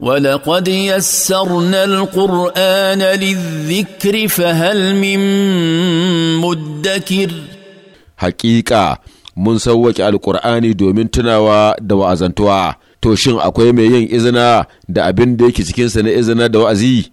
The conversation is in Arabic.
ولقد يسرنا القران للذكر فهل من مدكر حقيقه من سوج القران دومين تناوا دو ازنتوا تو شين اكوي مي دا ابين سكين سنه اذنا دو ازي